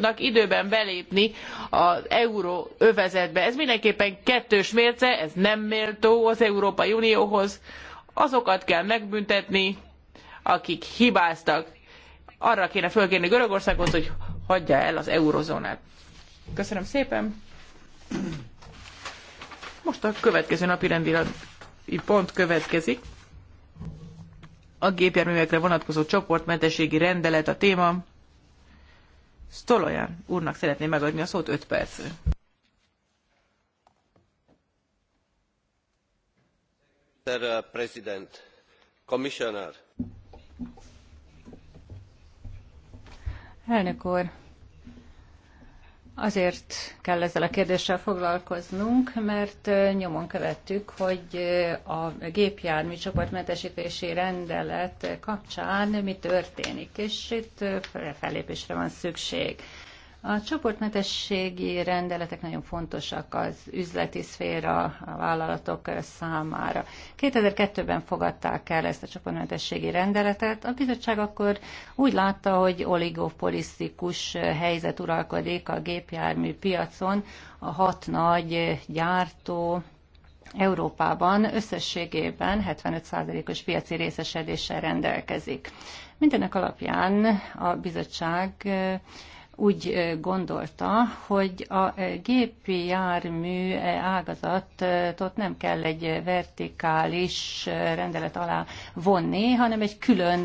tudnak időben belépni az euró övezetbe. Ez mindenképpen kettős mérce, ez nem méltó az Európai Unióhoz. Azokat kell megbüntetni, akik hibáztak. Arra kéne fölkérni Görögországot, hogy hagyja el az eurozónát. Köszönöm szépen. Most a következő napi rendi pont következik. A gépjárművekre vonatkozó csoportmentességi rendelet a téma. Stolojan úrnak szeretném megadni a szót 5 percre. Mr. Uh, President, Commissioner. Elnök úr, Azért kell ezzel a kérdéssel foglalkoznunk, mert nyomon követtük, hogy a gépjármű csoportmentesítési rendelet kapcsán mi történik, és itt fellépésre van szükség. A csoportmentességi rendeletek nagyon fontosak az üzleti szféra, a vállalatok számára. 2002-ben fogadták el ezt a csoportmentességi rendeletet. A bizottság akkor úgy látta, hogy oligopolisztikus helyzet uralkodik a gépjármű piacon. A hat nagy gyártó Európában összességében 75%-os piaci részesedéssel rendelkezik. Mindenek alapján a bizottság úgy gondolta, hogy a gépi jármű ágazatot nem kell egy vertikális rendelet alá vonni, hanem egy külön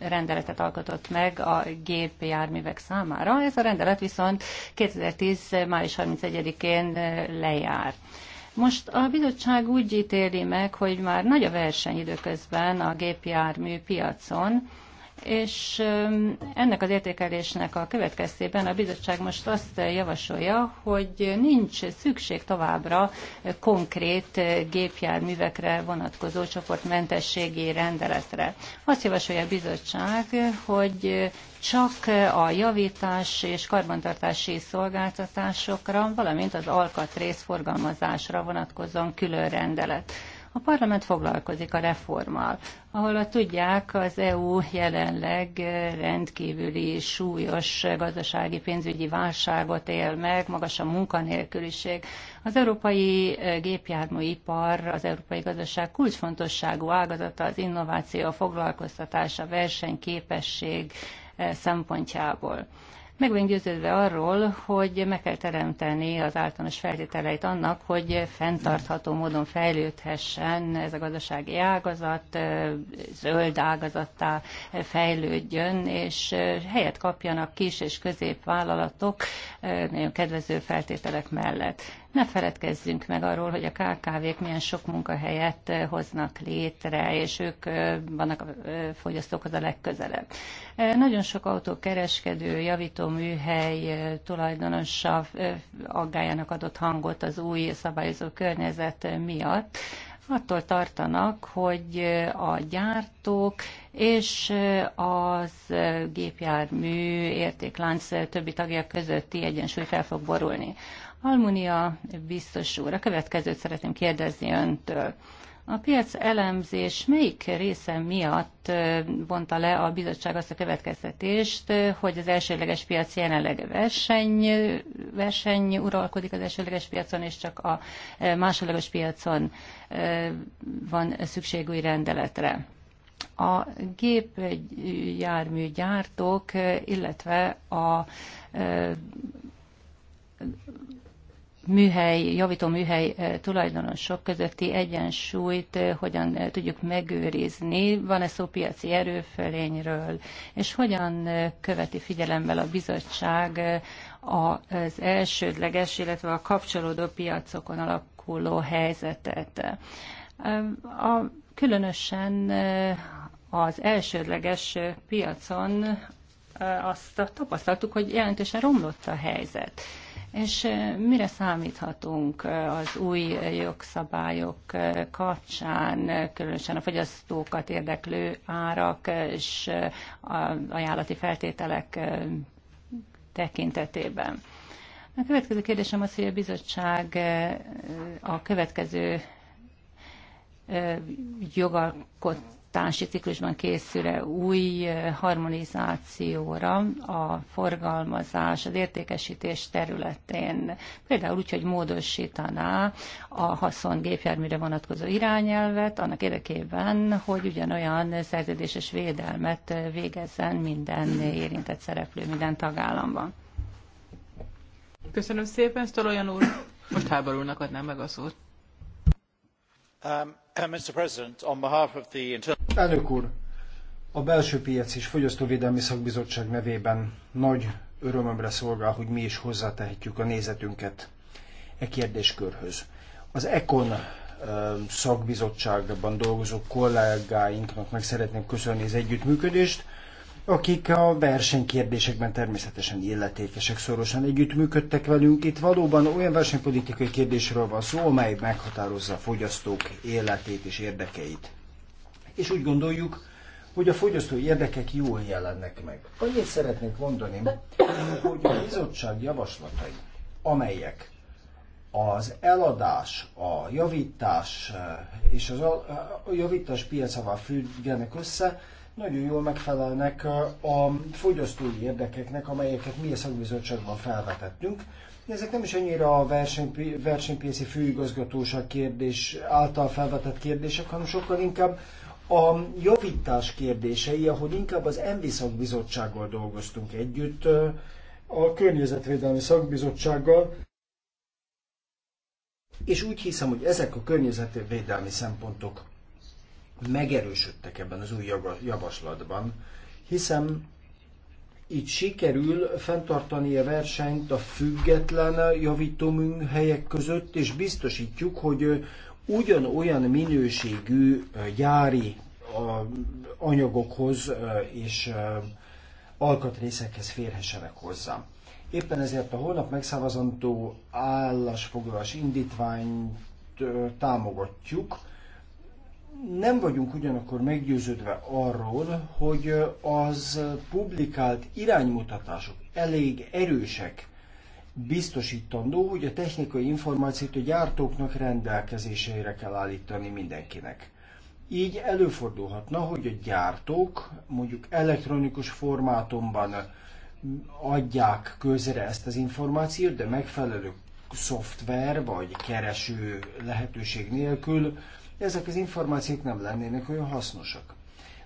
rendeletet alkotott meg a gépi járművek számára. Ez a rendelet viszont 2010. május 31-én lejár. Most a bizottság úgy ítéli meg, hogy már nagy a verseny időközben a gépjármű piacon, és ennek az értékelésnek a következtében a bizottság most azt javasolja, hogy nincs szükség továbbra konkrét gépjárművekre vonatkozó csoportmentességi rendeletre. Azt javasolja a bizottság, hogy csak a javítás és karbantartási szolgáltatásokra, valamint az alkatrész forgalmazásra vonatkozóan külön rendelet. A parlament foglalkozik a reformmal, ahol a tudják, az EU jelenleg rendkívüli súlyos gazdasági pénzügyi válságot él meg, magas a munkanélküliség. Az európai eh, gépjárműipar, az európai gazdaság kulcsfontosságú ágazata az innováció, a foglalkoztatás, a versenyképesség eh, szempontjából. Meg vagyunk győződve arról, hogy meg kell teremteni az általános feltételeit annak, hogy fenntartható módon fejlődhessen ez a gazdasági ágazat, zöld ágazattá fejlődjön, és helyet kapjanak kis és középvállalatok nagyon kedvező feltételek mellett. Ne feledkezzünk meg arról, hogy a KKV-k milyen sok munkahelyet eh, hoznak létre, és ők eh, vannak a eh, fogyasztókhoz a legközelebb. Nagyon sok autókereskedő, javító műhely tulajdonosa aggájának adott hangot az új szabályozó környezet miatt, attól tartanak, hogy a gyártók és az gépjármű értéklánc többi tagja közötti egyensúly fel fog borulni. Almunia biztos úr, a következőt szeretném kérdezni öntől. A piac elemzés melyik része miatt vonta le a bizottság azt a következtetést, hogy az elsőleges piac jelenleg verseny, verseny uralkodik az elsőleges piacon, és csak a másodleges piacon van szükség új rendeletre? A gépjárműgyártók, illetve a műhely, javító műhely eh, tulajdonosok közötti egyensúlyt eh, hogyan eh, tudjuk megőrizni, van-e szó piaci erőfölényről, és hogyan követi figyelemmel a bizottság az elsődleges, illetve a kapcsolódó piacokon alakuló helyzetet. A, különösen az elsődleges piacon azt tapasztaltuk, hogy jelentősen romlott a helyzet és mire számíthatunk az új jogszabályok kapcsán, különösen a fogyasztókat érdeklő árak és ajánlati feltételek tekintetében. A következő kérdésem az, hogy a bizottság a következő jogalkot választási ciklusban készülő új harmonizációra a forgalmazás, az értékesítés területén, például úgy, hogy módosítaná a haszon gépjárműre vonatkozó irányelvet, annak érdekében, hogy ugyanolyan szerződéses védelmet végezzen minden érintett szereplő, minden tagállamban. Köszönöm szépen, Stolojan úr! Most háborúnak adnám meg a szót. Um. Uh, Elnök úr, a Belső Piac és Fogyasztóvédelmi Szakbizottság nevében nagy örömömre szolgál, hogy mi is hozzátehetjük a nézetünket e kérdéskörhöz. Az ECON uh, szakbizottságban dolgozó kollégáinknak meg szeretném köszönni az együttműködést, akik a versenykérdésekben természetesen illetékesek szorosan együttműködtek velünk. Itt valóban olyan versenypolitikai kérdésről van szó, amely meghatározza a fogyasztók életét és érdekeit. És úgy gondoljuk, hogy a fogyasztói érdekek jól jelennek meg. Annyit szeretnék mondani, hogy a bizottság javaslatai, amelyek az eladás, a javítás eh, és az a, eh, a javítás piacával függenek össze, nagyon jól megfelelnek a fogyasztói érdekeknek, amelyeket mi a szakbizottságban felvetettünk. Ezek nem is annyira a versenypi, versenypiaci főigazgatóság kérdés által felvetett kérdések, hanem sokkal inkább a javítás kérdései, ahogy inkább az ENVI szakbizottsággal dolgoztunk együtt, a környezetvédelmi szakbizottsággal, és úgy hiszem, hogy ezek a környezetvédelmi szempontok megerősödtek ebben az új javaslatban, hiszen így sikerül fenntartani a versenyt a független javítóműhelyek között, és biztosítjuk, hogy ugyanolyan minőségű gyári anyagokhoz és alkatrészekhez férhessenek hozzá. Éppen ezért a holnap megszavazandó állásfoglalás indítványt támogatjuk, nem vagyunk ugyanakkor meggyőződve arról, hogy az publikált iránymutatások elég erősek, biztosítandó, hogy a technikai információt a gyártóknak rendelkezésére kell állítani mindenkinek. Így előfordulhatna, hogy a gyártók mondjuk elektronikus formátumban adják közre ezt az információt, de megfelelő szoftver vagy kereső lehetőség nélkül ezek az információk nem lennének olyan hasznosak.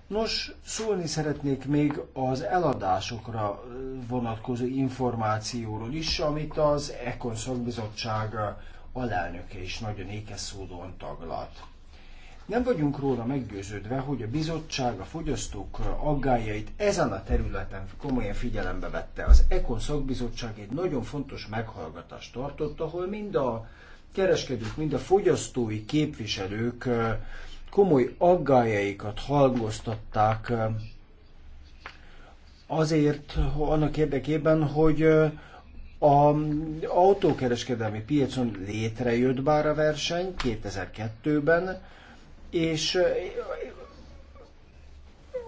Nos, szólni szeretnék még az eladásokra vonatkozó információról is, amit az Econ szakbizottság alelnöke is nagyon ékes szódon taglalt. Nem vagyunk róla meggyőződve, hogy a bizottság a fogyasztók aggájait ezen a területen komolyan figyelembe vette. Az Econ szakbizottság egy nagyon fontos meghallgatást tartott, ahol mind a kereskedők, mind a fogyasztói képviselők komoly aggájaikat hangoztatták azért annak érdekében, hogy a autókereskedelmi piacon létrejött bár a verseny 2002-ben, és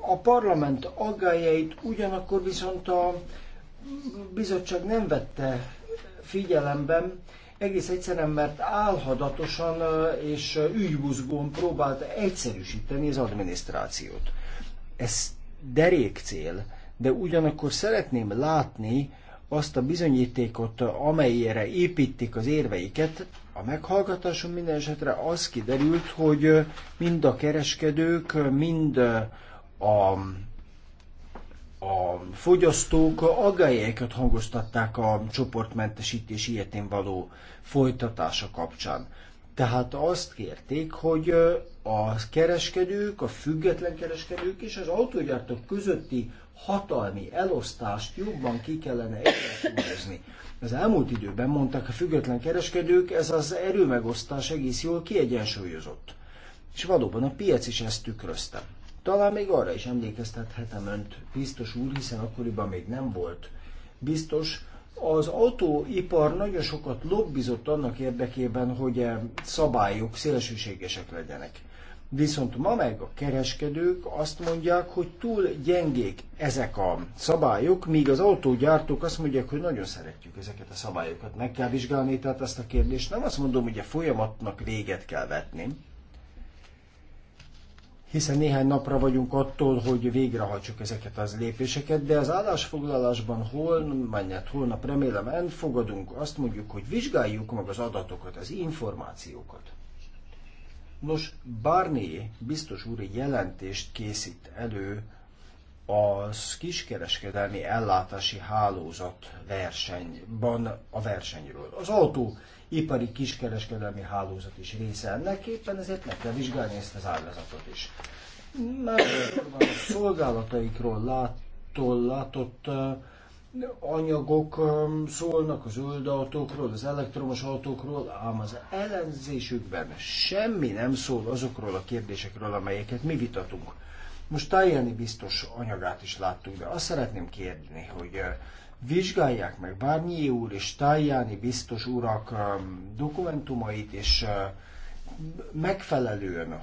a parlament aggájait ugyanakkor viszont a bizottság nem vette figyelemben, egész egyszerűen, mert álhadatosan és ügybuzgón próbált egyszerűsíteni az adminisztrációt. Ez derék cél, de ugyanakkor szeretném látni azt a bizonyítékot, amelyére építik az érveiket. A meghallgatáson minden esetre az kiderült, hogy mind a kereskedők, mind a a fogyasztók aggályaikat hangoztatták a csoportmentesítés ilyetén való folytatása kapcsán. Tehát azt kérték, hogy a kereskedők, a független kereskedők és az autógyártók közötti hatalmi elosztást jobban ki kellene egyensúlyozni. Az elmúlt időben mondták a független kereskedők, ez az erőmegosztás egész jól kiegyensúlyozott. És valóban a piac is ezt tükrözte. Talán még arra is emlékeztethetem önt, biztos úr, hiszen akkoriban még nem volt biztos. Az autóipar nagyon sokat lobbizott annak érdekében, hogy eh, szabályok szélsőségesek legyenek. Viszont ma meg a kereskedők azt mondják, hogy túl gyengék ezek a szabályok, míg az autógyártók azt mondják, hogy nagyon szeretjük ezeket a szabályokat. Meg kell vizsgálni tehát ezt a kérdést. Nem azt mondom, hogy a folyamatnak véget kell vetni, hiszen néhány napra vagyunk attól, hogy végrehajtsuk ezeket az lépéseket, de az állásfoglalásban holnap, holnap remélem elfogadunk, azt mondjuk, hogy vizsgáljuk meg az adatokat, az információkat. Nos, Barnier biztos úr jelentést készít elő az kiskereskedelmi ellátási hálózat versenyben a versenyről. Az autó ipari kiskereskedelmi hálózat is része ennek, éppen ezért meg kell vizsgálni ezt az ágazatot is. Másodszorban a szolgálataikról látott, látott anyagok szólnak az zöld autókról, az elektromos autókról, ám az ellenzésükben semmi nem szól azokról a kérdésekről, amelyeket mi vitatunk. Most Tajani biztos anyagát is láttuk, de azt szeretném kérni, hogy Vizsgálják meg Bárnyi úr és Tájáni biztos urak um, dokumentumait, és uh, megfelelően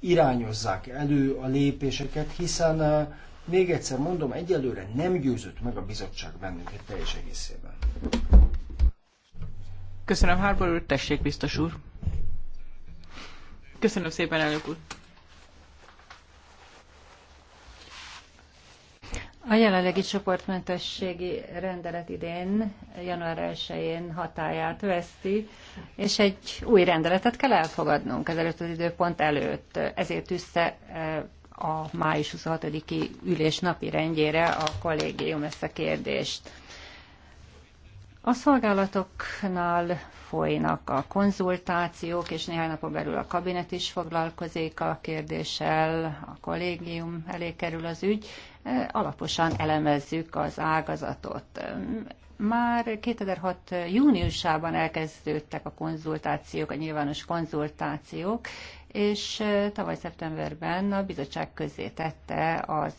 irányozzák elő a lépéseket, hiszen uh, még egyszer mondom, egyelőre nem győzött meg a bizottság bennünket teljes egészében. Köszönöm, Harbor úr, tessék, biztos úr. Köszönöm szépen, elnök úr. A jelenlegi csoportmentességi rendelet idén, január 1-én hatáját veszti, és egy új rendeletet kell elfogadnunk ezelőtt az időpont előtt. Ezért üzte eh, a május 26-i ülés napi rendjére a kollégium ezt a kérdést. A szolgálatoknál folynak a konzultációk, és néhány napon belül a kabinet is foglalkozik a kérdéssel, a kollégium elé kerül az ügy. E, alaposan elemezzük az ágazatot. E, már 2006. júniusában elkezdődtek a konzultációk, a nyilvános konzultációk, és e, tavaly szeptemberben a bizottság közé tette az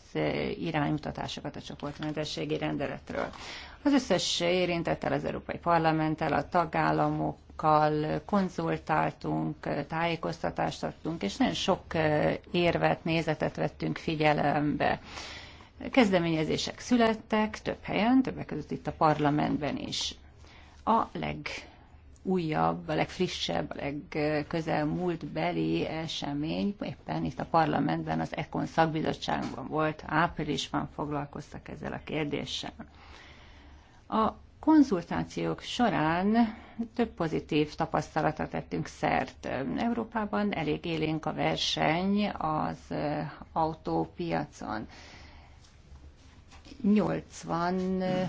iránymutatásokat a csoportmentességi rendeletről. Az összes érintettel, az Európai Parlamenttel, a tagállamok, konzultáltunk, tájékoztatást adtunk, és nagyon sok érvet, nézetet vettünk figyelembe. Kezdeményezések születtek több helyen, többek között itt a parlamentben is. A legújabb, a legfrissebb, a legközelmúlt beli esemény éppen itt a parlamentben, az Ekon szakbizottságban volt, áprilisban foglalkoztak ezzel a kérdéssel. A konzultációk során több pozitív tapasztalatot tettünk szert. Európában elég élénk a verseny az autópiacon. 80 eh,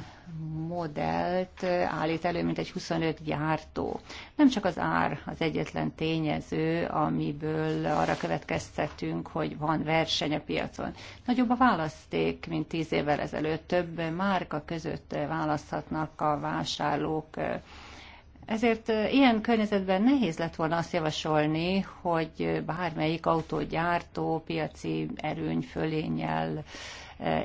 modellt eh, állít elő, mint egy 25 gyártó. Nem csak az ár az egyetlen tényező, amiből arra következtetünk, hogy van verseny a piacon. Nagyobb a választék, mint 10 évvel ezelőtt. Több márka között választhatnak a vásárlók. Ezért eh, ilyen környezetben nehéz lett volna azt javasolni, hogy bármelyik autógyártó piaci erőny fölényel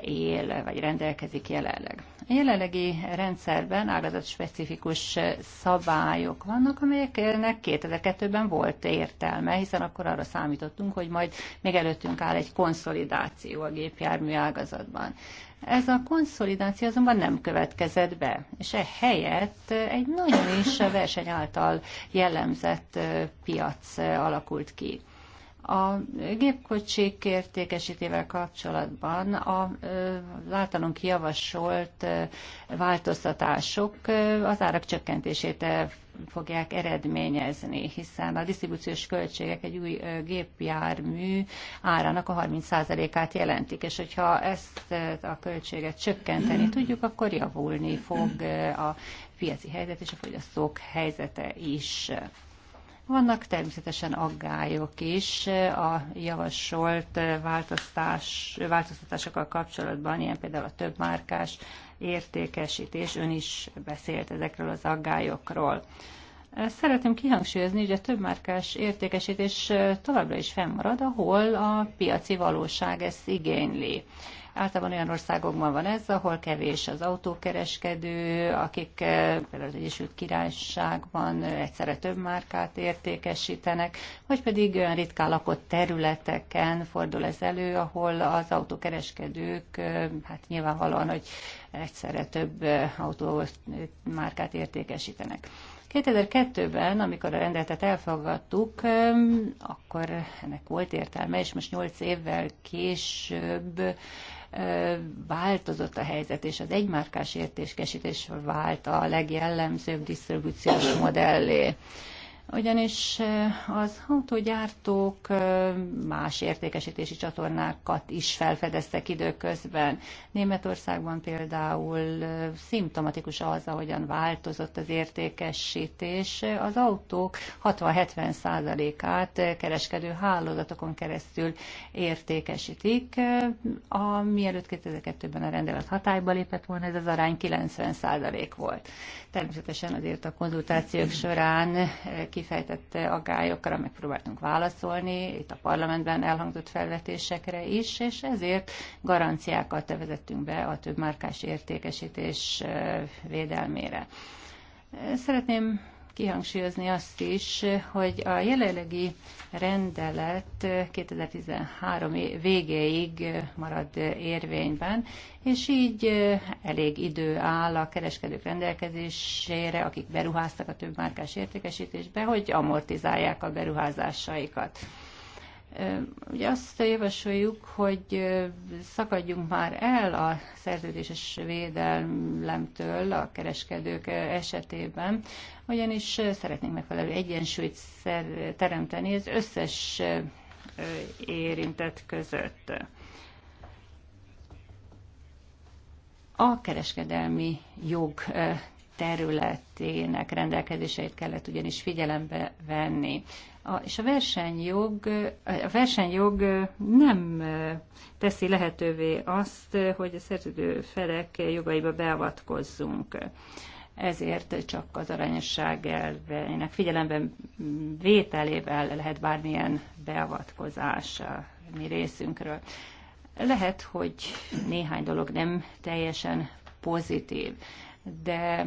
él, vagy rendelkezik jelenleg. A jelenlegi rendszerben ágazatspecifikus szabályok vannak, amelyeknek 2002-ben volt értelme, hiszen akkor arra számítottunk, hogy majd még előttünk áll egy konszolidáció a gépjármű ágazatban. Ez a konszolidáció azonban nem következett be, és e helyett egy nagyon is verseny által jellemzett piac alakult ki. A gépkocsik értékesítével kapcsolatban a általunk javasolt változtatások az árak csökkentését fogják eredményezni, hiszen a disztribúciós költségek egy új gépjármű árának a 30%-át jelentik, és hogyha ezt a költséget csökkenteni tudjuk, akkor javulni fog a piaci helyzet és a fogyasztók helyzete is. Vannak természetesen aggályok is eh, a javasolt eh, változtás, változtatásokkal kapcsolatban, ilyen például a több márkás értékesítés, ön is beszélt ezekről az aggályokról. Szeretném kihangsúlyozni, hogy a márkás értékesítés továbbra is fennmarad, ahol a piaci valóság ezt igényli. Általában olyan országokban van ez, ahol kevés az autókereskedő, akik például az Egyesült Királyságban egyszerre több márkát értékesítenek, vagy pedig olyan ritkán lakott területeken fordul ez elő, ahol az autókereskedők, hát nyilvánvalóan, hogy egyszerre több autómárkát értékesítenek. 2002-ben, amikor a rendeletet elfogadtuk, akkor ennek volt értelme, és most 8 évvel később változott a helyzet, és az egymárkás értéskesítés vált a legjellemzőbb disztribúciós modellé ugyanis eh, az autógyártók eh, más értékesítési csatornákat is felfedeztek időközben. Németországban például eh, szimptomatikus az, ahogyan változott az értékesítés. Az autók 60-70 százalékát kereskedő hálózatokon keresztül értékesítik. A, mielőtt 2002-ben a rendelet hatályba lépett volna, ez az arány 90 százalék volt. Természetesen azért a konzultációk során a aggályokra megpróbáltunk válaszolni, itt a parlamentben elhangzott felvetésekre is, és ezért garanciákat tevezettünk be a márkás értékesítés védelmére. Szeretném kihangsúlyozni azt is, hogy a jelenlegi rendelet 2013 végéig marad érvényben, és így elég idő áll a kereskedők rendelkezésére, akik beruháztak a több márkás értékesítésbe, hogy amortizálják a beruházásaikat. Ugye azt javasoljuk, hogy szakadjunk már el a szerződéses védelemtől a kereskedők esetében, ugyanis szeretnénk megfelelő egyensúlyt teremteni az összes érintett között. A kereskedelmi jog területének rendelkezéseit kellett ugyanis figyelembe venni. A, és a versenyjog, a versenyjog nem teszi lehetővé azt, hogy a szerződő felek jogaiba beavatkozzunk. Ezért csak az arányosság elvének figyelemben vételével lehet bármilyen beavatkozás a mi részünkről. Lehet, hogy néhány dolog nem teljesen pozitív, de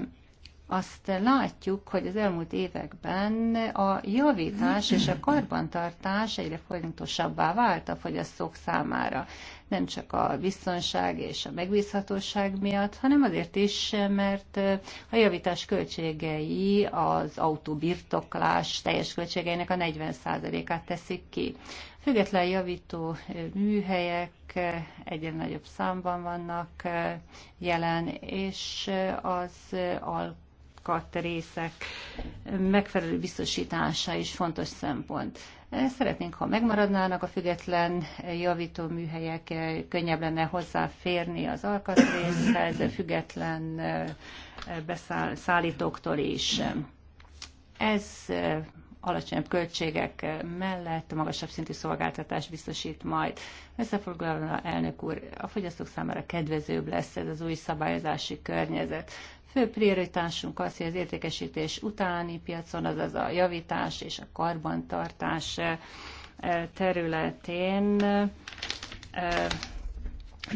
azt látjuk, hogy az elmúlt években a javítás és a karbantartás egyre fontosabbá vált a fogyasztók számára. Nem csak a biztonság és a megbízhatóság miatt, hanem azért is, mert a javítás költségei az autóbirtoklás teljes költségeinek a 40%-át teszik ki. Független javító műhelyek egyre nagyobb számban vannak jelen, és az alkohol részek megfelelő biztosítása is fontos szempont. Szeretnénk, ha megmaradnának a független javító műhelyek, könnyebb lenne hozzáférni az alkatrészhez, független eh, beszállítóktól is. Ez eh, alacsonyabb költségek eh, mellett magasabb szintű szolgáltatás biztosít majd. Összefoglalva, elnök úr, a fogyasztók számára kedvezőbb lesz ez az új szabályozási környezet. Fő prioritásunk az, hogy az értékesítés utáni piacon, azaz a javítás és a karbantartás eh, területén eh,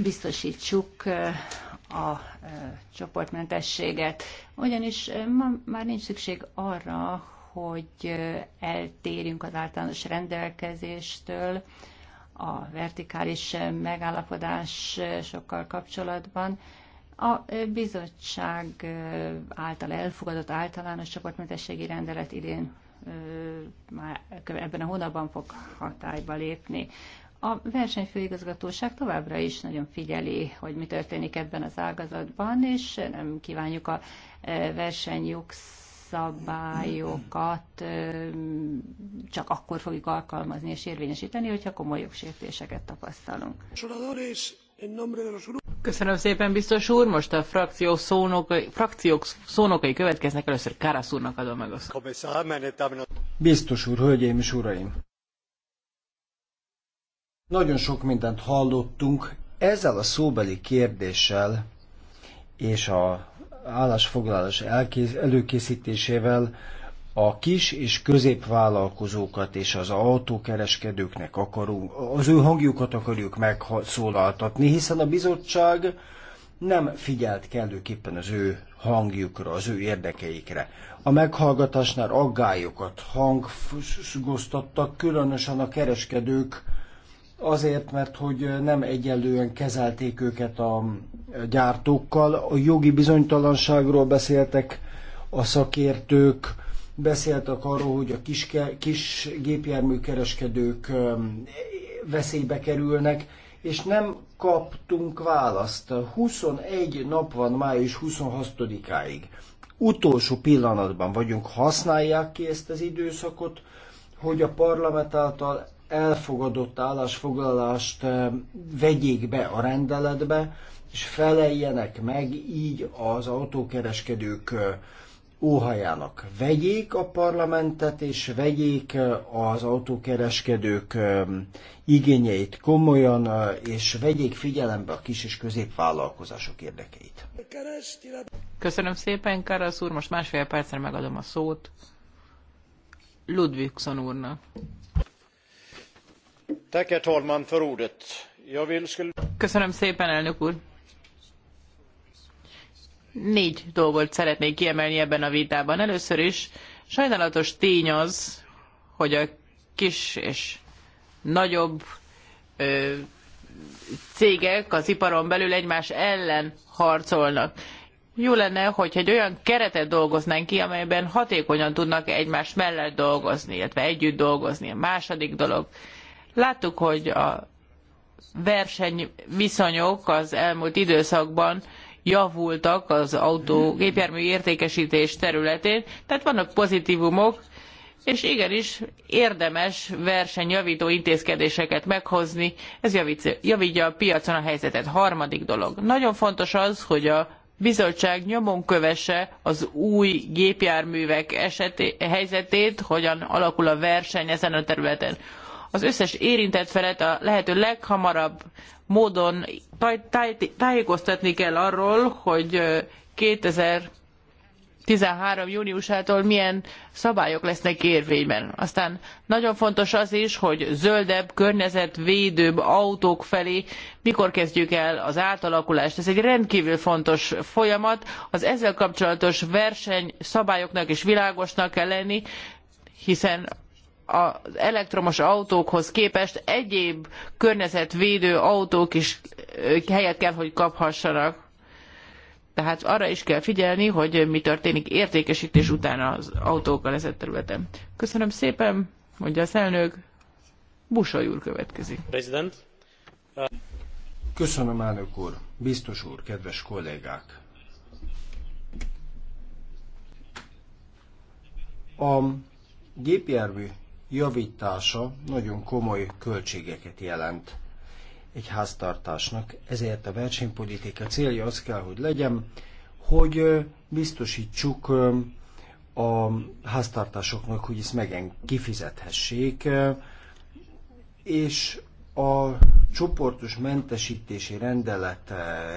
biztosítsuk eh, a csoportmentességet, ugyanis ma már nincs szükség arra, hogy eltérjünk az általános rendelkezéstől a vertikális megállapodás sokkal kapcsolatban, a bizottság által elfogadott általános csoportmentességi rendelet idén már ebben a hónapban fog hatályba lépni. A versenyfőigazgatóság továbbra is nagyon figyeli, hogy mi történik ebben az ágazatban, és nem kívánjuk a versenyjogszabályokat csak akkor fogjuk alkalmazni és érvényesíteni, hogyha komoly jogsértéseket tapasztalunk. Köszönöm szépen, biztos úr. Most a frakció szónokai, frakciók szónokai következnek. Először Kárász úrnak adom meg a Biztos úr, hölgyeim és uraim! Nagyon sok mindent hallottunk. Ezzel a szóbeli kérdéssel és a állásfoglalás előkészítésével a kis és középvállalkozókat és az autókereskedőknek akarunk, az ő hangjukat akarjuk megszólaltatni, hiszen a bizottság nem figyelt kellőképpen az ő hangjukra, az ő érdekeikre. A meghallgatásnál aggályokat hangoztattak, különösen a kereskedők, azért, mert hogy nem egyenlően kezelték őket a gyártókkal, a jogi bizonytalanságról beszéltek a szakértők, beszéltek arról, hogy a kis, kis gépjárműkereskedők veszélybe kerülnek, és nem kaptunk választ. 21 nap van május 26-áig. Utolsó pillanatban vagyunk, használják ki ezt az időszakot, hogy a parlament által elfogadott állásfoglalást vegyék be a rendeletbe, és feleljenek meg így az autókereskedők óhajának. Vegyék a parlamentet, és vegyék az autókereskedők igényeit komolyan, és vegyék figyelembe a kis és középvállalkozások érdekeit. Köszönöm szépen, Karasz úr, most másfél percre megadom a szót Ludvigson úrnak. Köszönöm szépen, elnök úr! Négy dolgot szeretnék kiemelni ebben a vitában. Először is sajnálatos tény az, hogy a kis és nagyobb ö, cégek az iparon belül egymás ellen harcolnak. Jó lenne, hogyha egy olyan keretet dolgoznánk ki, amelyben hatékonyan tudnak egymás mellett dolgozni, illetve együtt dolgozni. A második dolog. Láttuk, hogy a versenyviszonyok az elmúlt időszakban javultak az autó gépjármű értékesítés területén, tehát vannak pozitívumok, és igenis érdemes versenyjavító intézkedéseket meghozni, ez javítja a piacon a helyzetet. Harmadik dolog. Nagyon fontos az, hogy a bizottság nyomon kövesse az új gépjárművek eseté, helyzetét, hogyan alakul a verseny ezen a területen. Az összes érintett felet a lehető leghamarabb módon tájékoztatni kell arról, hogy 2013. júniusától milyen szabályok lesznek érvényben. Aztán nagyon fontos az is, hogy zöldebb, környezetvédőbb autók felé mikor kezdjük el az átalakulást. Ez egy rendkívül fontos folyamat. Az ezzel kapcsolatos versenyszabályoknak is világosnak kell lenni, hiszen az elektromos autókhoz képest egyéb környezetvédő autók is helyet kell, hogy kaphassanak. Tehát arra is kell figyelni, hogy mi történik értékesítés után az autókkal ezen területen. Köszönöm szépen, mondja az elnök. Busoly úr következik. President. Köszönöm, elnök úr, biztos úr, kedves kollégák. A gépjármű javítása nagyon komoly költségeket jelent egy háztartásnak. Ezért a versenypolitika célja az kell, hogy legyen, hogy biztosítsuk a háztartásoknak, hogy ezt megen kifizethessék, és a csoportos mentesítési rendelet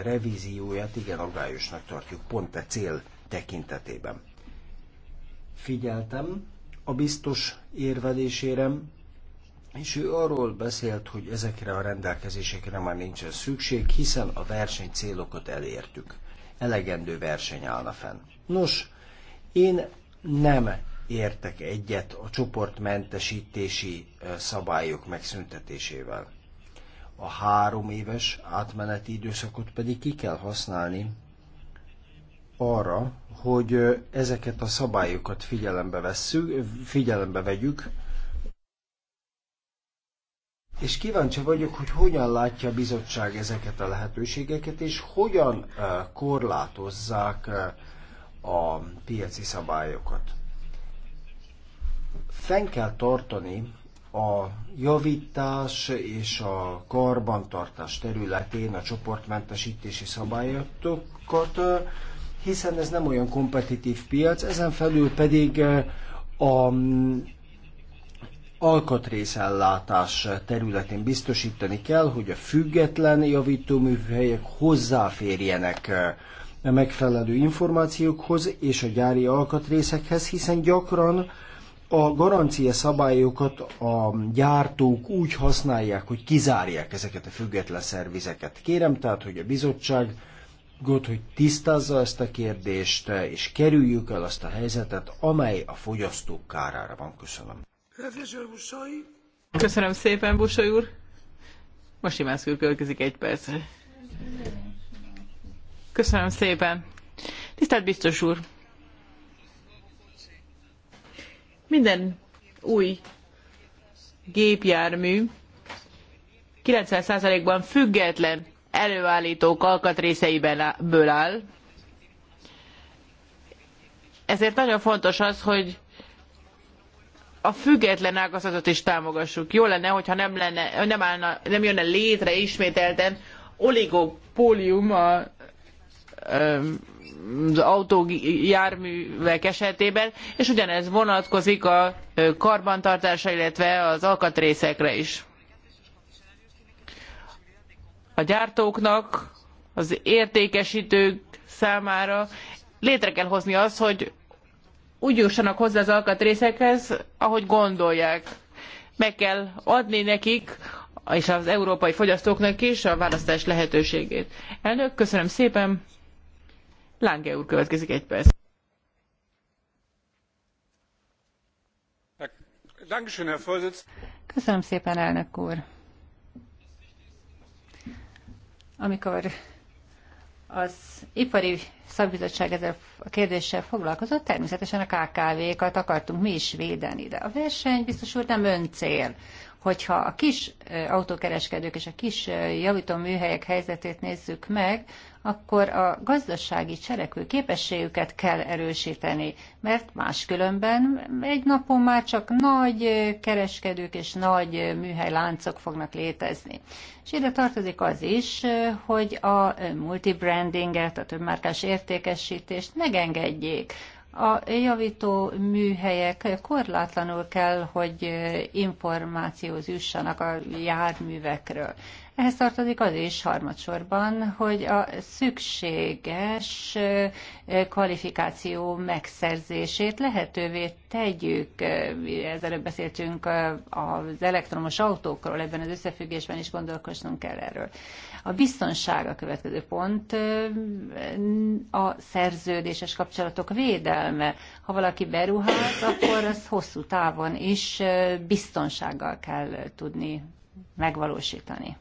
revízióját igen aggályosnak tartjuk pont e cél tekintetében. Figyeltem, a biztos érvelésére, és ő arról beszélt, hogy ezekre a rendelkezésekre már nincsen szükség, hiszen a célokat elértük. Elegendő verseny állna fenn. Nos, én nem értek egyet a csoportmentesítési szabályok megszüntetésével. A három éves átmeneti időszakot pedig ki kell használni arra, hogy ezeket a szabályokat figyelembe, vesszük, figyelembe vegyük, és kíváncsi vagyok, hogy hogyan látja a bizottság ezeket a lehetőségeket, és hogyan korlátozzák a piaci szabályokat. Fenn kell tartani a javítás és a karbantartás területén a csoportmentesítési szabályokat, hiszen ez nem olyan kompetitív piac, ezen felül pedig eh, a mm, alkatrészellátás területén biztosítani kell, hogy a független javítóműhelyek hozzáférjenek a eh, megfelelő információkhoz és a gyári alkatrészekhez, hiszen gyakran a garancia szabályokat a gyártók úgy használják, hogy kizárják ezeket a független szervizeket. Kérem tehát, hogy a bizottság God, hogy tisztázza ezt a kérdést, és kerüljük el azt a helyzetet, amely a fogyasztók kárára van. Köszönöm. Köszönöm szépen, Busoly úr. Most Imánszki következik egy perc. Köszönöm szépen. Tisztelt biztos úr! Minden új gépjármű 90%-ban független előállítók alkatrészeiből áll. Ezért nagyon fontos az, hogy a független ágazatot is támogassuk. Jó lenne, hogyha nem, lenne, nem, állna, nem jönne létre ismételten oligopólium a, az autójárművek esetében, és ugyanez vonatkozik a karbantartásra, illetve az alkatrészekre is a gyártóknak, az értékesítők számára létre kell hozni azt, hogy úgy jussanak hozzá az alkatrészekhez, ahogy gondolják. Meg kell adni nekik, és az európai fogyasztóknak is a választás lehetőségét. Elnök, köszönöm szépen. Lange úr következik egy perc. Köszönöm szépen, elnök úr amikor az ipari szakbizottság ezzel a kérdéssel foglalkozott, természetesen a KKV-kat akartunk mi is védeni, de a verseny biztos úr nem öncél. Hogyha a kis autókereskedők és a kis javító műhelyek helyzetét nézzük meg, akkor a gazdasági cselekvő képességüket kell erősíteni, mert máskülönben egy napon már csak nagy kereskedők és nagy műhelyláncok fognak létezni. És ide tartozik az is, hogy a multibrandinget, a többmárkás értékesítést megengedjék, a javító műhelyek korlátlanul kell, hogy információhoz jussanak a járművekről. Ehhez tartozik az is harmadsorban, hogy a szükséges kvalifikáció megszerzését lehetővé tegyük. Ezzel beszéltünk az elektromos autókról, ebben az összefüggésben is gondolkoznunk kell erről. A biztonság a következő pont, a szerződéses kapcsolatok védelme. Ha valaki beruház, akkor az hosszú távon is biztonsággal kell tudni megvalósítani.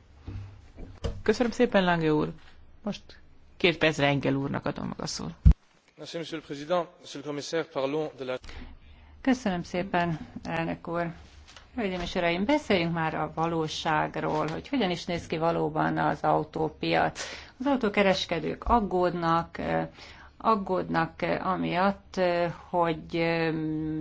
Köszönöm szépen, Lange úr. Most két percre Engel úrnak adom maga szót. Köszönöm szépen, elnök úr. Hölgyeim és Uraim, beszéljünk már a valóságról, hogy hogyan is néz ki valóban az autópiac. Az autókereskedők aggódnak, aggódnak amiatt, hogy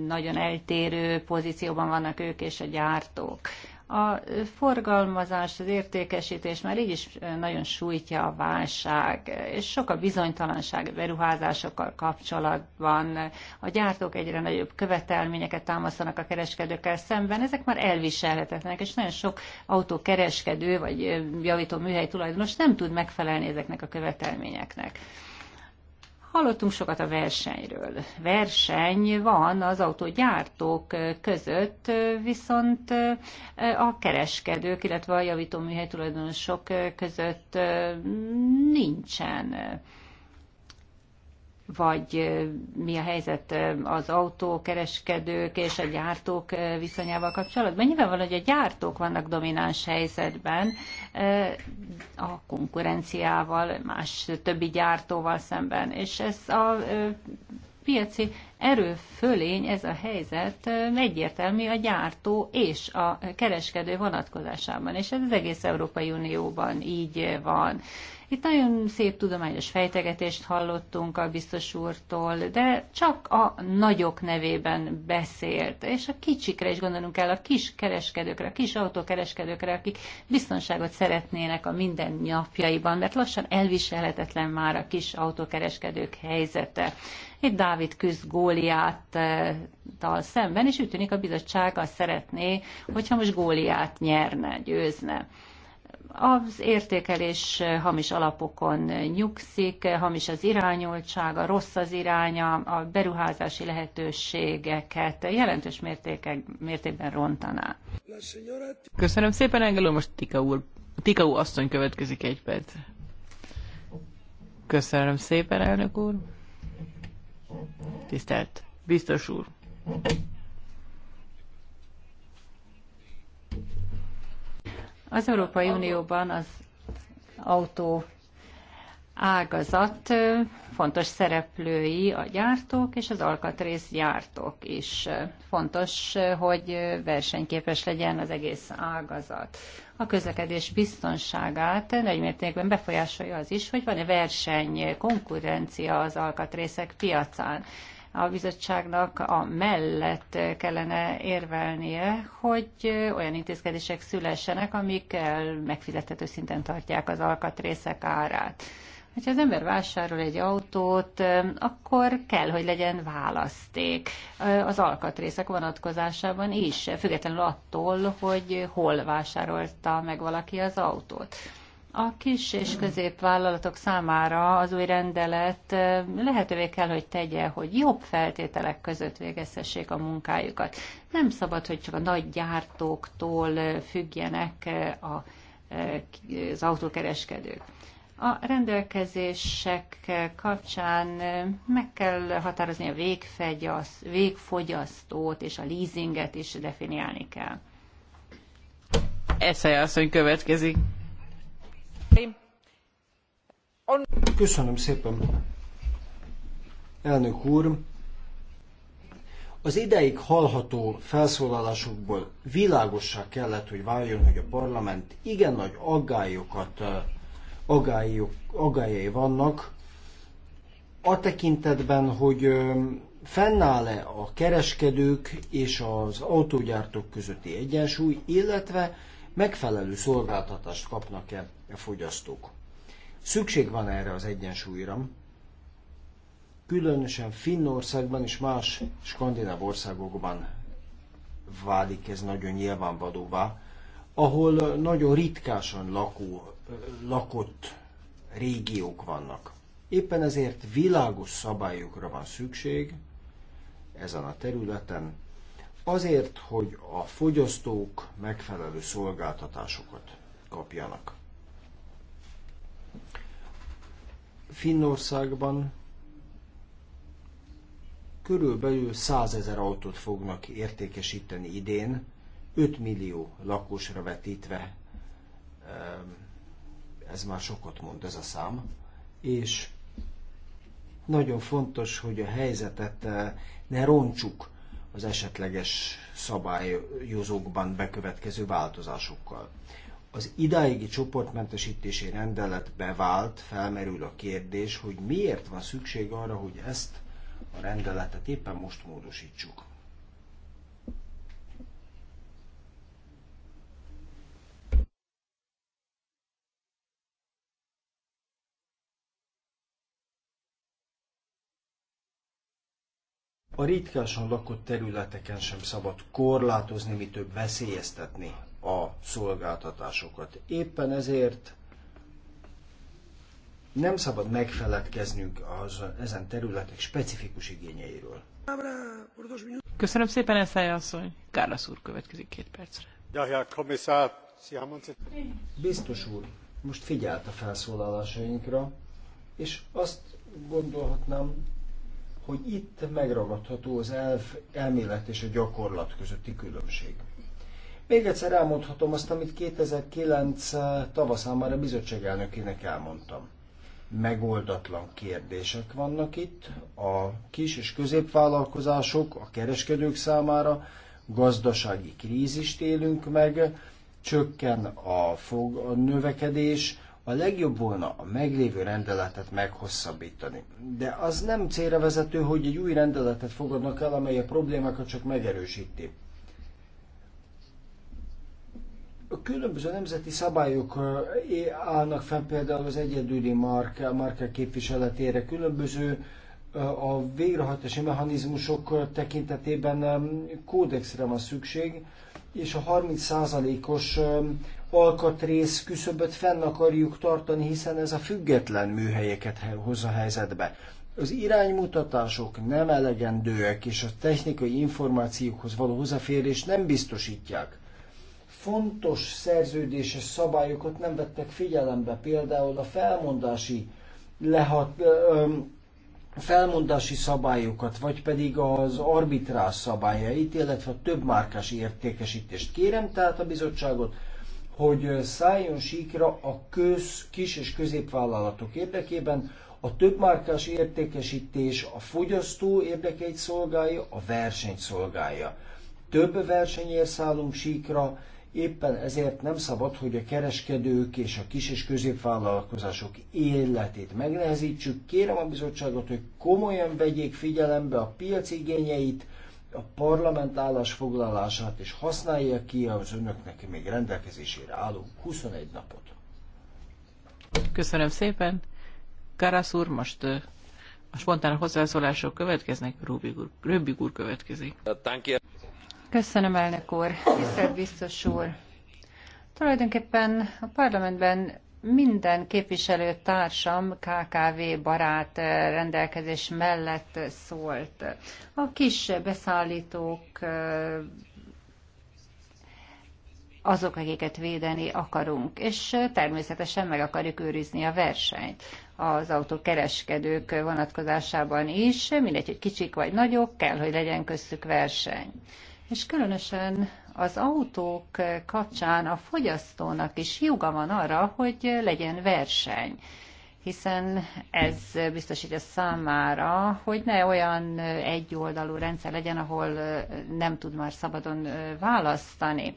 nagyon eltérő pozícióban vannak ők és a gyártók. A forgalmazás, az értékesítés már így is nagyon sújtja a válság, és sok a bizonytalanság beruházásokkal kapcsolatban. A gyártók egyre nagyobb követelményeket támasztanak a kereskedőkkel szemben, ezek már elviselhetetlenek, és nagyon sok autókereskedő vagy javító műhely tulajdonos nem tud megfelelni ezeknek a követelményeknek. Hallottunk sokat a versenyről. Verseny van az autógyártók között, viszont eh, a kereskedők, illetve a javítóműhely tulajdonosok eh, között eh, nincsen vagy mi a helyzet az autókereskedők és a gyártók viszonyával kapcsolatban. Nyilvánvaló, hogy a gyártók vannak domináns helyzetben a konkurenciával, más többi gyártóval szemben, és ez a piaci erőfölény, ez a helyzet egyértelmű a gyártó és a kereskedő vonatkozásában, és ez az egész Európai Unióban így van. Itt nagyon szép tudományos fejtegetést hallottunk a biztos úrtól, de csak a nagyok nevében beszélt, és a kicsikre is gondolunk el a kis kereskedőkre, a kis autókereskedőkre, akik biztonságot szeretnének a napjaiban, mert lassan elviselhetetlen már a kis autókereskedők helyzete. Itt Dávid küzd Góliáttal szemben, és úgy tűnik a bizottság azt szeretné, hogyha most Góliát nyerne, győzne. Az értékelés hamis alapokon nyugszik, hamis az irányoltsága, rossz az iránya, a beruházási lehetőségeket jelentős mértékek, mértékben rontaná. Köszönöm szépen, Engelő, most Tika úr. Tika úr asszony következik egy perc. Köszönöm szépen, elnök úr. Tisztelt biztos úr. Az Európai Unióban az autó ágazat fontos szereplői a gyártók és az alkatrész gyártók is. Fontos, hogy versenyképes legyen az egész ágazat. A közlekedés biztonságát mértékben befolyásolja az is, hogy van-e verseny, konkurencia az alkatrészek piacán a bizottságnak a mellett kellene érvelnie, hogy olyan intézkedések szülessenek, amik megfizethető szinten tartják az alkatrészek árát. Ha az ember vásárol egy autót, akkor kell, hogy legyen választék az alkatrészek vonatkozásában is, függetlenül attól, hogy hol vásárolta meg valaki az autót. A kis és középvállalatok számára az új rendelet lehetővé kell, hogy tegye, hogy jobb feltételek között végezhessék a munkájukat. Nem szabad, hogy csak a nagy gyártóktól függjenek a, az autókereskedők. A rendelkezések kapcsán meg kell határozni a végfogyasztót és a leasinget is definiálni kell. Eszeje asszony következik. Köszönöm szépen. Elnök úr, az ideig hallható felszólalásokból világossá kellett, hogy váljon, hogy a parlament igen nagy aggályokat, aggályok, aggályai vannak, a tekintetben, hogy fennáll-e a kereskedők és az autógyártók közötti egyensúly, illetve megfelelő szolgáltatást kapnak-e a fogyasztók. Szükség van erre az egyensúlyra, különösen Finnországban és más skandináv országokban válik ez nagyon nyilvánvalóvá, ahol nagyon ritkásan lakó, lakott régiók vannak. Éppen ezért világos szabályokra van szükség ezen a területen, azért, hogy a fogyasztók megfelelő szolgáltatásokat kapjanak. Finnországban körülbelül 100 ezer autót fognak értékesíteni idén, 5 millió lakosra vetítve, ez már sokat mond ez a szám, és nagyon fontos, hogy a helyzetet eh, ne roncsuk, az esetleges szabályozókban bekövetkező változásokkal. Az idáigi csoportmentesítési rendelet bevált, felmerül a kérdés, hogy miért van szükség arra, hogy ezt a rendeletet éppen most módosítsuk. a ritkásan lakott területeken sem szabad korlátozni, mi több veszélyeztetni a szolgáltatásokat. Éppen ezért nem szabad megfeledkeznünk az ezen területek specifikus igényeiről. Köszönöm szépen, Eszály asszony. Kárlasz úr következik két percre. Ja, ja, komisszár, Biztos úr, most figyelt a felszólalásainkra, és azt gondolhatnám, hogy itt megragadható az elf, elmélet és a gyakorlat közötti különbség. Még egyszer elmondhatom azt, amit 2009 eh, tavaszán már a bizottság elnökének elmondtam. Megoldatlan kérdések vannak itt a kis és középvállalkozások, a kereskedők számára, gazdasági krízist élünk meg, csökken a, fog, a növekedés, a legjobb volna a meglévő rendeletet meghosszabbítani. De az nem célra vezető, hogy egy új rendeletet fogadnak el, amely a problémákat csak megerősíti. A különböző nemzeti szabályok állnak fel például az egyedüli márka, márka képviseletére, különböző a végrehajtási mechanizmusok tekintetében kódexre van szükség, és a 30%-os alkatrész küszöböt fenn akarjuk tartani, hiszen ez a független műhelyeket hoz a helyzetbe. Az iránymutatások nem elegendőek, és a technikai információkhoz való hozzáférés nem biztosítják. Fontos szerződéses szabályokat nem vettek figyelembe, például a felmondási lehat, ö, felmondási szabályokat, vagy pedig az arbitrás szabályait, illetve a több márkás értékesítést kérem, tehát a bizottságot, hogy szálljon síkra a köz, kis és középvállalatok érdekében, a többmárkás értékesítés a fogyasztó érdekeit szolgálja, a versenyt szolgálja. Több versenyért szállunk síkra, éppen ezért nem szabad, hogy a kereskedők és a kis és középvállalkozások életét megnehezítsük. Kérem a bizottságot, hogy komolyan vegyék figyelembe a piac igényeit, a parlament állásfoglalását, és használja ki az önöknek még rendelkezésére álló 21 napot. Köszönöm szépen. Karasz úr, most a spontán hozzászólások következnek, Rubik úr, úr következik. Köszönöm, elnök úr. Tisztelt biztos úr. Tulajdonképpen a parlamentben minden képviselő társam KKV barát eh, rendelkezés mellett szólt. A kis beszállítók eh, azok, akiket védeni akarunk, és eh, természetesen meg akarjuk őrizni a versenyt az autókereskedők vonatkozásában is, mindegy, hogy kicsik vagy nagyok, kell, hogy legyen köztük verseny. És különösen az autók kapcsán a fogyasztónak is joga van arra, hogy legyen verseny hiszen ez biztosítja számára, hogy ne olyan egyoldalú rendszer legyen, ahol nem tud már szabadon választani.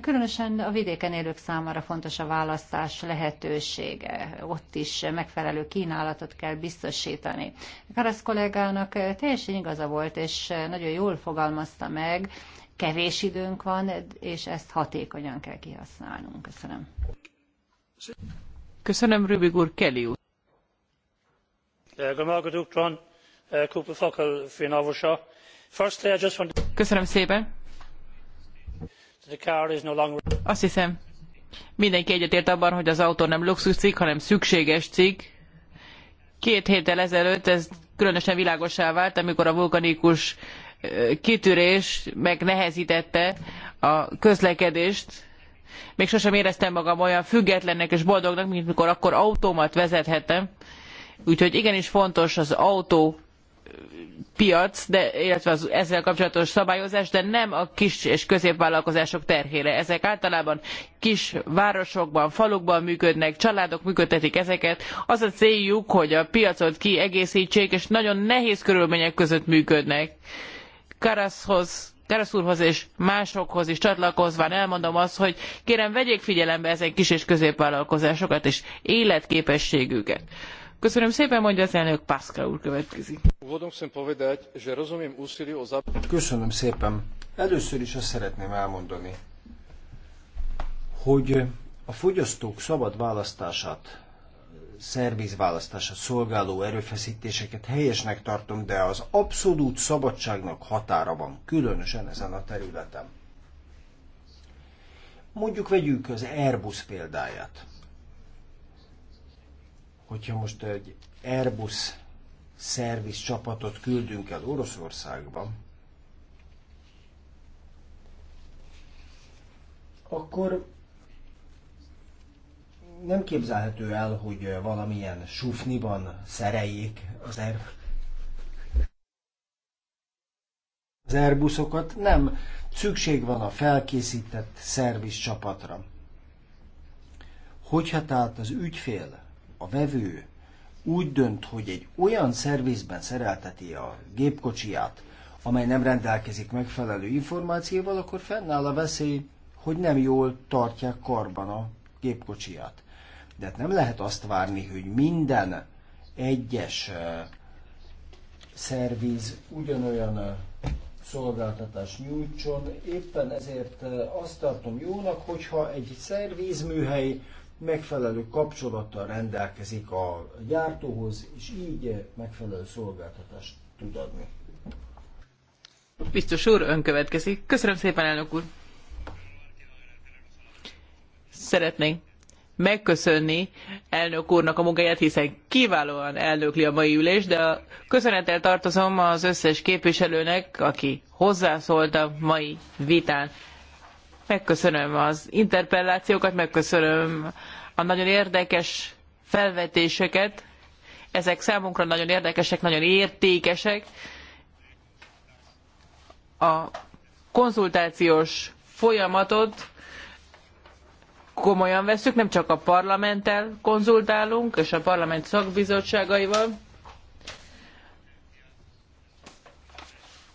Különösen a vidéken élők számára fontos a választás lehetősége. Ott is megfelelő kínálatot kell biztosítani. Karasz kollégának teljesen igaza volt, és nagyon jól fogalmazta meg, kevés időnk van, és ezt hatékonyan kell kihasználnunk. Köszönöm. Köszönöm, Rübig úr, Kelly úr. Eh, Köszönöm szépen. Azt hiszem, mindenki egyetért abban, hogy az autó nem cikk, hanem szükséges cikk. Két héttel ezelőtt ez különösen világosá vált, amikor a vulkanikus kitűrés megnehezítette a közlekedést. Még sosem éreztem magam olyan függetlennek és boldognak, mint mikor akkor autómat vezethettem. Úgyhogy igenis fontos az autó piac, de, illetve az ezzel kapcsolatos szabályozás, de nem a kis és középvállalkozások terhére. Ezek általában kis városokban, falukban működnek, családok működtetik ezeket. Az a céljuk, hogy a piacot kiegészítsék, és nagyon nehéz körülmények között működnek. Karaszhoz, úrhoz és másokhoz is csatlakozván elmondom azt, hogy kérem vegyék figyelembe ezen kis és középvállalkozásokat és életképességüket. Köszönöm szépen, mondja az elnök Pászka úr következik. Köszönöm szépen. Először is azt szeretném elmondani, hogy a fogyasztók szabad választását szervizválasztása szolgáló erőfeszítéseket helyesnek tartom, de az abszolút szabadságnak határa van, különösen ezen a területen. Mondjuk vegyük az Airbus példáját. Hogyha most egy Airbus szerviz csapatot küldünk el Oroszországba, akkor nem képzelhető el, hogy valamilyen sufniban szereljék az er az Airbusokat, nem. Szükség van a felkészített szerviz csapatra. Hogyha tehát az ügyfél, a vevő úgy dönt, hogy egy olyan szervizben szerelteti a gépkocsiját, amely nem rendelkezik megfelelő információval, akkor fennáll a veszély, hogy nem jól tartják karban a gépkocsiját. De hát nem lehet azt várni, hogy minden egyes szerviz ugyanolyan szolgáltatást nyújtson. Éppen ezért azt tartom jónak, hogyha egy szervízműhely megfelelő kapcsolattal rendelkezik a gyártóhoz, és így megfelelő szolgáltatást tud adni. Biztos úr, ön következik. Köszönöm szépen, elnök úr! Szeretnénk megköszönni elnök úrnak a munkáját, hiszen kiválóan elnökli a mai ülés, de a köszönettel tartozom az összes képviselőnek, aki hozzászólt a mai vitán. Megköszönöm az interpellációkat, megköszönöm a nagyon érdekes felvetéseket. Ezek számunkra nagyon érdekesek, nagyon értékesek. A konzultációs folyamatot komolyan veszük, nem csak a parlamenttel konzultálunk, és a parlament szakbizottságaival.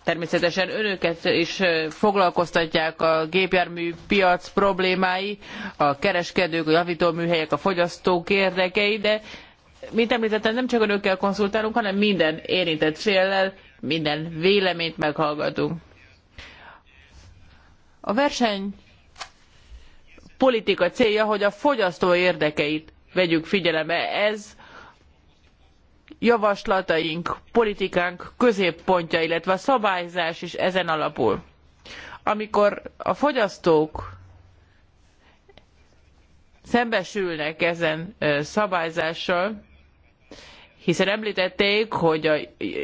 Természetesen önöket is foglalkoztatják a gépjármű piac problémái, a kereskedők, a javítóműhelyek, a fogyasztók érdekei, de mint említettem, nem csak önökkel konzultálunk, hanem minden érintett féllel, minden véleményt meghallgatunk. A verseny politika célja, hogy a fogyasztó érdekeit vegyük figyelembe. Ez javaslataink, politikánk középpontja, illetve a szabályzás is ezen alapul. Amikor a fogyasztók szembesülnek ezen szabályzással, hiszen említették, hogy a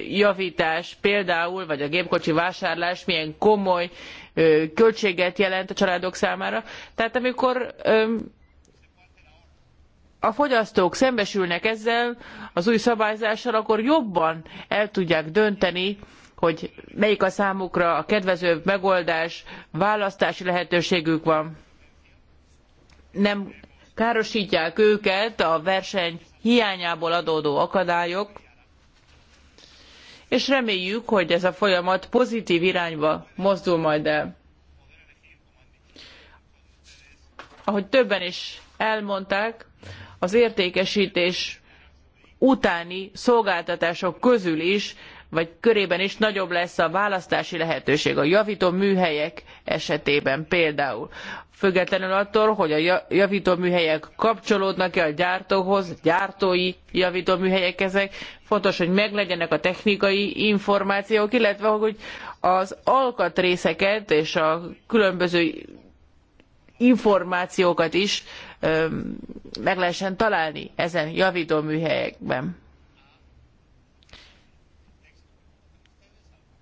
javítás például, vagy a gépkocsi vásárlás milyen komoly költséget jelent a családok számára. Tehát amikor a fogyasztók szembesülnek ezzel az új szabályzással, akkor jobban el tudják dönteni, hogy melyik a számukra a kedvezőbb megoldás, választási lehetőségük van. Nem károsítják őket a verseny hiányából adódó akadályok, és reméljük, hogy ez a folyamat pozitív irányba mozdul majd el. Ahogy többen is elmondták, az értékesítés utáni szolgáltatások közül is vagy körében is nagyobb lesz a választási lehetőség. A javító műhelyek esetében például, függetlenül attól, hogy a javító műhelyek kapcsolódnak-e a gyártóhoz, gyártói javító műhelyek ezek, fontos, hogy meglegyenek a technikai információk, illetve hogy az alkatrészeket és a különböző információkat is meg lehessen találni ezen javító műhelyekben.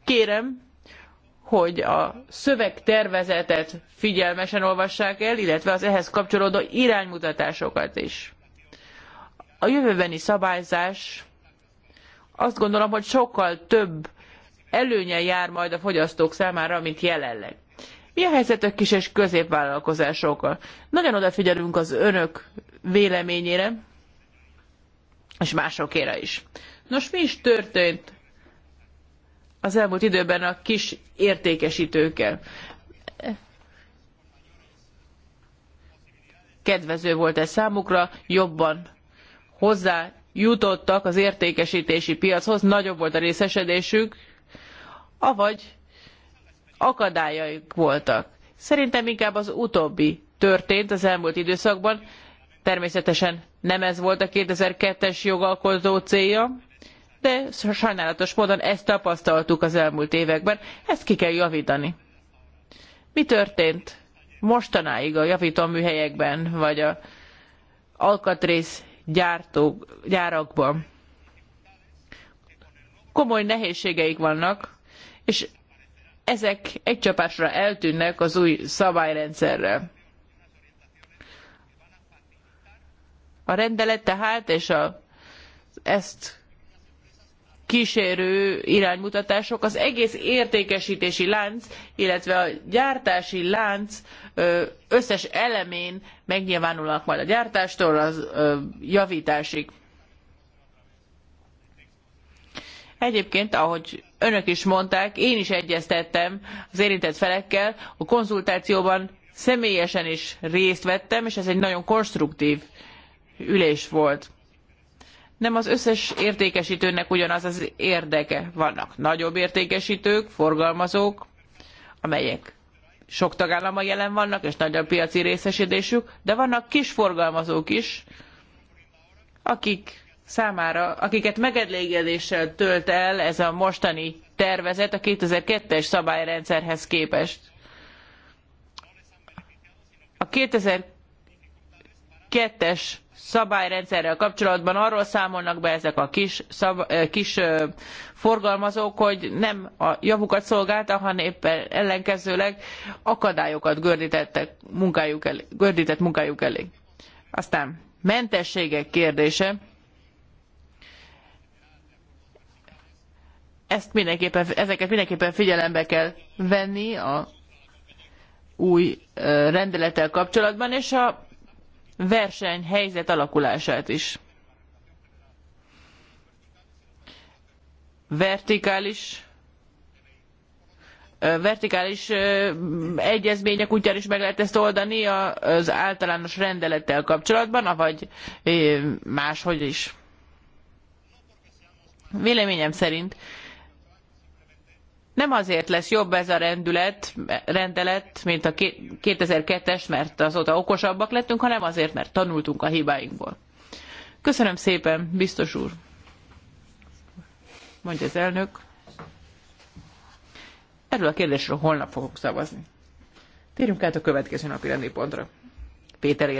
Kérem, hogy a szövegtervezetet figyelmesen olvassák el, illetve az ehhez kapcsolódó iránymutatásokat is. A jövőbeni szabályzás azt gondolom, hogy sokkal több előnye jár majd a fogyasztók számára, mint jelenleg. Mi a helyzet a kis és középvállalkozásokkal? Nagyon odafigyelünk az önök véleményére, és másokére is. Nos, mi is történt az elmúlt időben a kis értékesítőkkel. Kedvező volt ez számukra, jobban hozzá jutottak az értékesítési piachoz, nagyobb volt a részesedésük, avagy akadályaik voltak. Szerintem inkább az utóbbi történt az elmúlt időszakban, természetesen nem ez volt a 2002-es jogalkotó célja, de sajnálatos módon ezt tapasztaltuk az elmúlt években, ezt ki kell javítani. Mi történt mostanáig a javítóműhelyekben, vagy a alkatrész gyártó, gyárakban? Komoly nehézségeik vannak, és ezek egy csapásra eltűnnek az új szabályrendszerrel. A rendelet tehát és a, ezt kísérő iránymutatások az egész értékesítési lánc, illetve a gyártási lánc összes elemén megnyilvánulnak majd a gyártástól az javításig. Egyébként, ahogy önök is mondták, én is egyeztettem az érintett felekkel, a konzultációban személyesen is részt vettem, és ez egy nagyon konstruktív ülés volt nem az összes értékesítőnek ugyanaz az érdeke. Vannak nagyobb értékesítők, forgalmazók, amelyek sok tagállamban jelen vannak, és nagy a piaci részesedésük, de vannak kis forgalmazók is, akik számára, akiket megelégedéssel tölt el ez a mostani tervezet a 2002-es szabályrendszerhez képest. A 2002-es szabályrendszerrel kapcsolatban arról számolnak be ezek a kis, szab, kis forgalmazók, hogy nem a javukat szolgálta, hanem éppen ellenkezőleg akadályokat gördítettek munkájuk elé, gördített munkájuk elé. Aztán mentességek kérdése. Ezt mindenképpen, ezeket mindenképpen figyelembe kell venni a új rendelettel kapcsolatban, és a versenyhelyzet alakulását is. Vertikális vertikális egyezmények útján is meg lehet ezt oldani az általános rendelettel kapcsolatban, avagy máshogy is. Véleményem szerint nem azért lesz jobb ez a rendület, rendelet, mint a 2002-es, mert azóta okosabbak lettünk, hanem azért, mert tanultunk a hibáinkból. Köszönöm szépen, biztos úr. Mondja az elnök. Erről a kérdésről holnap fogok szavazni. Térjünk át a következő napi rendi pontra. Péter éle